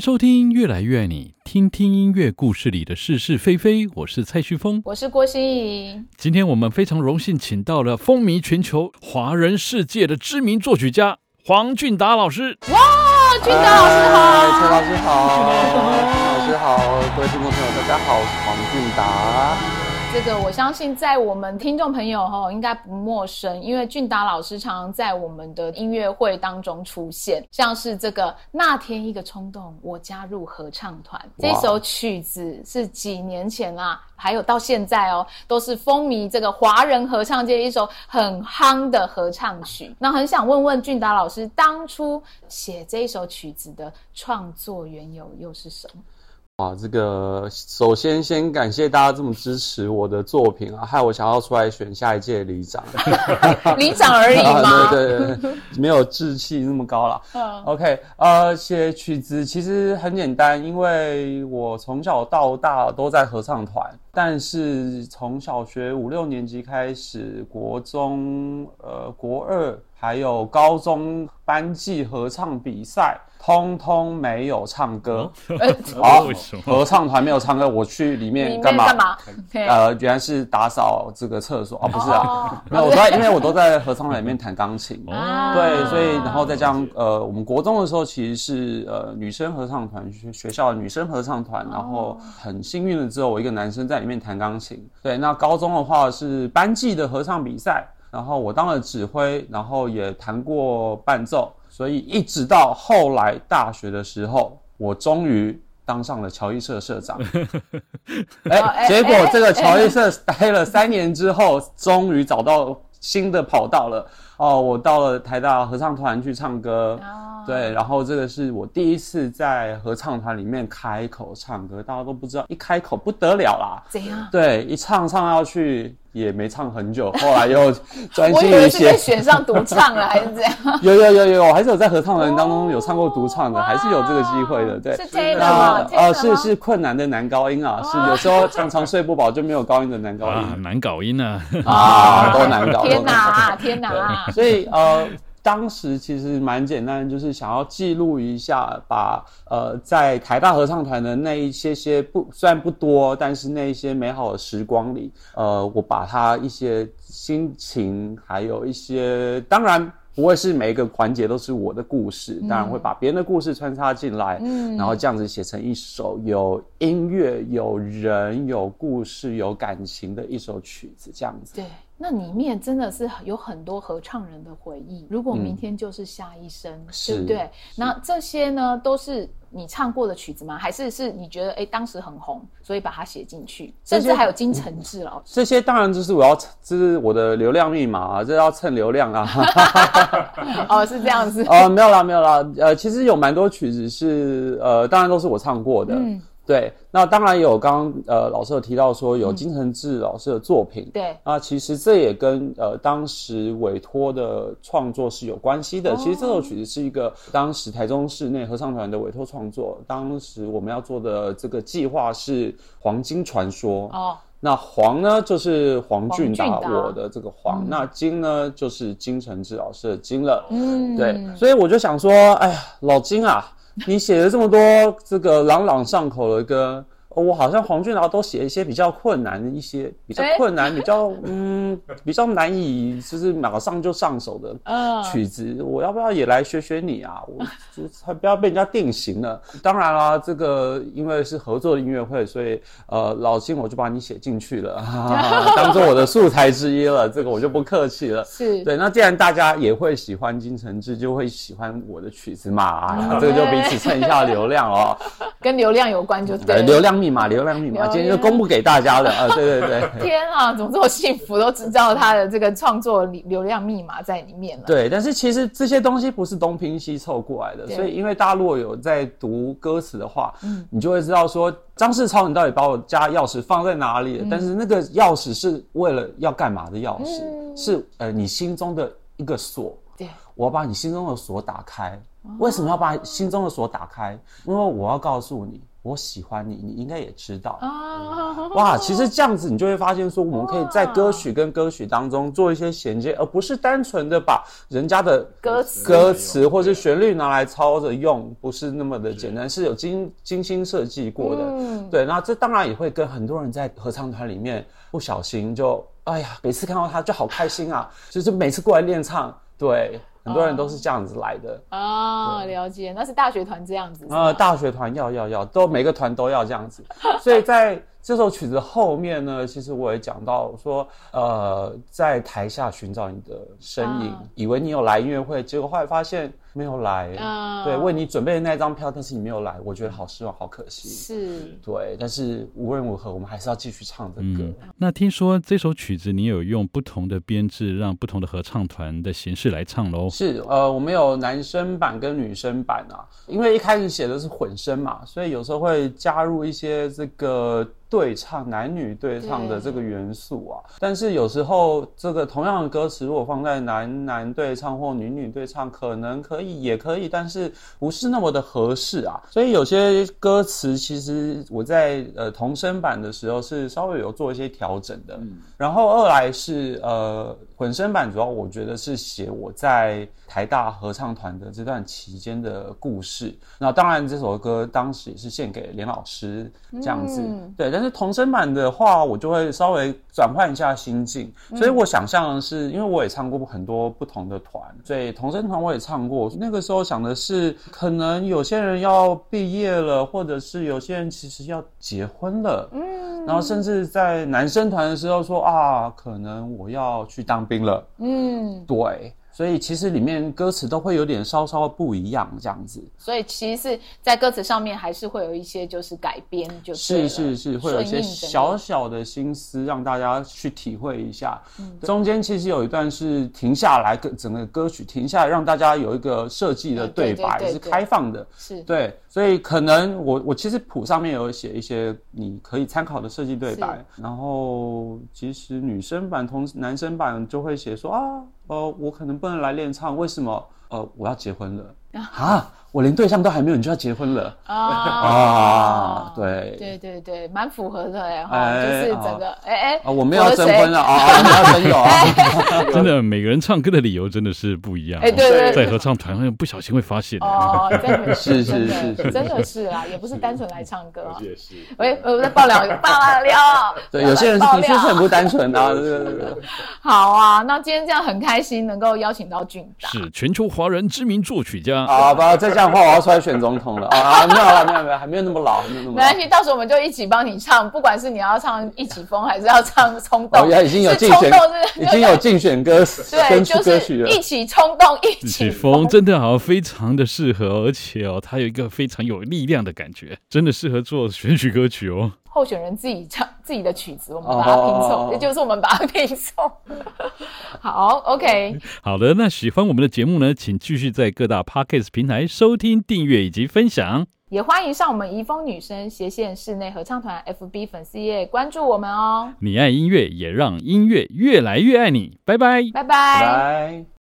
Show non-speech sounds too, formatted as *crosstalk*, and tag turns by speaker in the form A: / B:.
A: 收聽《樂來越愛你》，聽聽音樂故事裡的是是非非。我是蔡旭峰，
B: 我是郭心怡。
A: 今天我們非常榮幸請到了風靡全球、華人世界的知名作曲家黃俊達老師。
B: 哇，俊達老師好！蔡、哎、老
C: 師好！陳老，
B: 老師
A: 好！各位聽眾
C: 朋友，大家好，我是黃俊達。
B: 這個我相信在我們聽眾朋友齁，應該不陌生，因為俊達老師常常在我們的音樂會當中出現，像是這個那天一個衝動，我加入合唱團。這一首曲子是幾年前啊，還有到現在哦，都是風靡這個華人合唱界一首很夯的合唱曲。那很想問問俊達老師，當初寫這一首曲子的創作緣由又是什麼？
C: 啊，這個首先先感謝大家這麼支持我的作品啊，害我想要出來選下一屆里長， *laughs* *laughs* 里長而已嗎？啊、對對對，沒有志氣那麼高啦。 *laughs* OK，呃，寫曲子其實很簡單，因為我從小到大都在合唱團，但是從小學五六年級開始，國中呃，國二。還有高中班級合唱比賽，通通沒有唱歌。好、嗯，哦、合唱團沒有唱歌，我去裡面幹嘛？幹嘛
B: ？Okay. 呃，
C: 原來是打掃這個廁所。啊、哦哦、不是啊，
B: 那對我在，因為我都
C: 在合唱團裡面彈鋼琴。哦、對，所以然後再加上呃，我們國中的時候其實是呃女生合唱團，學校的女生合唱團，然後很幸運的，只有我一個男生在裡面彈鋼琴。對，那高中的話是班級的合唱比賽。然後我當了指揮，然後也彈過伴奏，所以一直到後來大學的時候，我終於當上了喬伊社社長。哎、 *laughs* *laughs* 欸，結果這個喬伊社待了三年之後，終於找到新的跑道了。哦，我到了台大合唱團去唱歌，Oh. 對，然後這個是我第一次在合唱團裡面開口唱歌，大家都不知道，一開口不得了啦。怎樣？對，一唱唱要去。也沒唱很久，後來又專心一些。 *laughs* 我有選
B: 上獨唱了，還是這樣。
C: 有 *laughs* 有有有，還是有在合唱的人當中有唱過獨唱的，哦、還是有這個機會的，對。是這個、er 呃、啊，呃、是是困難的男高音啊，哦、是有時候常常睡不飽就沒有高音的男高音啊，難搞音啊，男高音啊，啊，多難搞！都難搞，
B: 天哪、啊，天哪、啊！所以
C: 呃。當時其實蠻簡單，就是想要記錄一下把，把呃在台大合唱團的那一些些不雖然不多，但是那一些美好的時光裡，呃，我把它一些心情，還有一些當然不會是每一個環節都是我的故事，嗯、當然會把別人的故事穿插進來，嗯，然後這樣子寫成一首有音樂、有人、有故事、有感情的一首曲子，這樣子，
B: 對。那裡面真的是有很多合唱人的回憶。如果明天就是下一生，嗯、對不對？是那這些呢，都是你唱過的曲子嗎？還是是你覺得哎、欸、當時很紅，所以把它寫進去？些甚至還有金承志老師、嗯、
C: 這些當然就是我要，這是我的流量密碼啊，這要蹭流量啊。
B: *laughs* *laughs* 哦，是這樣子。 *laughs* 哦
C: 沒有啦，沒有啦。呃，其實有蠻多曲子是呃，當然都是我唱過的。嗯對，那當然有剛剛。剛呃，老師有提到說有金承志老師的作品。嗯、對那、啊、其實這也跟呃當時委託的創作是有關係的。哦、其實這首曲子是一個當時台中室內合唱團的委託創作。當時我們要做的這個計劃是《黃金傳說》。哦，那黃呢就是黃俊達，俊達我的這個黃。嗯、那金呢就是金承志老師的金了。嗯，對。所以我就想說，哎呀，老金啊。 *laughs* 你寫了這麼多這個朗朗上口的歌。我好像黃俊達都寫一些比較困難的一些比較困難、欸、比較嗯 *laughs* 比較難以就是馬上就上手的曲子，uh, 我要不要也來學學你啊？我就才不要被人家定型了。 *laughs* 當然啦、啊，這個因為是合作的音樂會，所以呃，老金我就把你寫進去了， *laughs* *laughs* 當做我的素材之一了。這個我就不客氣了。 *laughs* 是對。那既然大家也會喜歡金承志，就會喜歡我的曲子嘛。啊，Okay. 這個就彼此蹭一下流量哦，
B: *laughs* 跟流量有關就對，流
C: 量。密碼、流量密碼，量今天就公布給大家了啊！對對對，
B: 天啊，怎麼這麼幸福，都知道他的這個創作流流量密碼在裡面了。
C: 對，但是其實這些東西不是東拼西湊過來的，對所以因為大家如果有在讀歌詞的話，嗯，你就會知道說張士超，你到底把我家鑰匙放在哪裡了？嗯、但是那個鑰匙是為了要幹嘛的鑰匙？嗯、是呃，你心中的一個鎖。
B: 對，
C: 我要把你心中的鎖打開。哦、為什麼要把心中的鎖打開？因為我要告訴你。我喜歡你，你應該也知道
A: 啊、嗯！哇，
C: 其實這樣子你就會發現說我們可以在歌曲跟歌曲當中做一些銜接，哇而不是單純的把人家的歌詞、歌詞或是旋律拿來抄着用，不是那麼的簡單，對是有精精心設計過的。嗯、對，那這當然也會跟很多人在合唱團裡面不小心就哎呀，每次看到他就好開心啊， *laughs* 就是每次過來練唱，對。很多人都是這樣子來的啊、哦對哦，
B: 了解，那是大學團這樣子啊、
C: 呃，大學團要要要，都每個團都要這樣子， *laughs* 所以在。這首曲子後面呢，其實我也講到說，呃，在台下尋找你的身影，哦、以為你有來音樂會，結果後來發現沒有來。哦、對，為你準備的那張票，但是你沒有來，我覺得好失望，好可惜。
B: 是，
C: 對。但是無論如何，我們還是要繼續唱這歌、個。
A: 嗯。那聽說這首曲子你有用不同的編制，讓不同的合唱團的形式來唱嘍？是，
C: 呃，我們有男生版跟女生版啊，因為一開始寫的是混聲嘛，所以有時候會加入一些這個。對唱，男女對唱的這個元素啊，嗯、但是有時候這個同樣的歌詞，如果放在男男對唱或女女對唱，可能可以也可以，但是不是那麼的合適啊。所以有些歌詞其實我在呃同聲版的時候是稍微有做一些調整的。嗯、然後二來是呃。混聲版主要我覺得是寫我在台大合唱團的這段期間的故事。那當然這首歌當時也是獻給連老師這樣子。嗯、對，但是童聲版的話，我就會稍微轉換一下心境。所以我想象的是，因為我也唱過很多不同的團，嗯、所以童聲團我也唱過。那個時候想的是，可能有些人要畢業了，或者是有些人其實要結婚了。嗯。
A: 然後甚
C: 至在男生團的時候說啊，可能我要去當兵了。嗯，對。所以其實裡面歌詞都會有點稍稍不一樣，這樣子。
B: 所以其實是在歌詞上面還是會有一些就是改編就，就是是
C: 是是，會有一些小小的心思讓大家去體會一下。嗯，中間其實有一段是停下來，整個歌曲停下來，讓大家有一個設計的對白，嗯，對對對對是開放的，是對。所以可能我我其實譜上面有寫一些你可以參考的設計對白，是。然後其實女生版同男生版就會寫說啊。呃，我可能不能來練唱，為什麼？呃，我要結婚了啊。我連對象都還沒有，你就要結婚了啊！啊，對，
B: 對對對，蠻符合的哎，就是整個哎哎，我們要徵婚了啊！真的，
A: 每個人唱歌的理由真的是不一樣。哎，對對，在合唱團不小心會發現哦，是是是，真的是
B: 啊，也不是單純來唱歌。我也我在爆料，爆料，
A: 對，有些人是，其實是很不單純啊。
B: 好啊，那今天這樣很開心，能夠邀請到俊達
A: 是全球華人知名作曲家。好吧，在這樣的話我要出來選總統了、哦、啊！沒有了，沒有 *laughs* 沒有，還沒有那麼老，沒有那麼老。
B: 沒關係，到時候我們就一起幫你唱，不管是你要唱《一起瘋》還是要唱《衝動》。哦、啊，已經有競選是是已經有競
A: 選歌， *laughs* 對，曲了就是一
B: 起衝動，一起瘋。
A: 瘋真的好像非常的適合，而且哦，他有一個非常有力量的感覺，真的適合做選曲歌曲哦。
B: 候選人自己唱自己的曲子，我們把它拼湊，也、oh, oh, oh, oh, oh. 就是我們把它拼湊 *laughs* 好，OK。
A: 好的，那喜歡我們的節目呢，請繼續在各大 Podcast 平台收聽、訂閱以及分享。
B: 也歡迎上我們怡風女生斜線室內合唱團 FB 粉絲頁關注我們哦。
A: 你愛音樂，也讓音樂越來越愛你。拜拜，拜拜 bye，拜。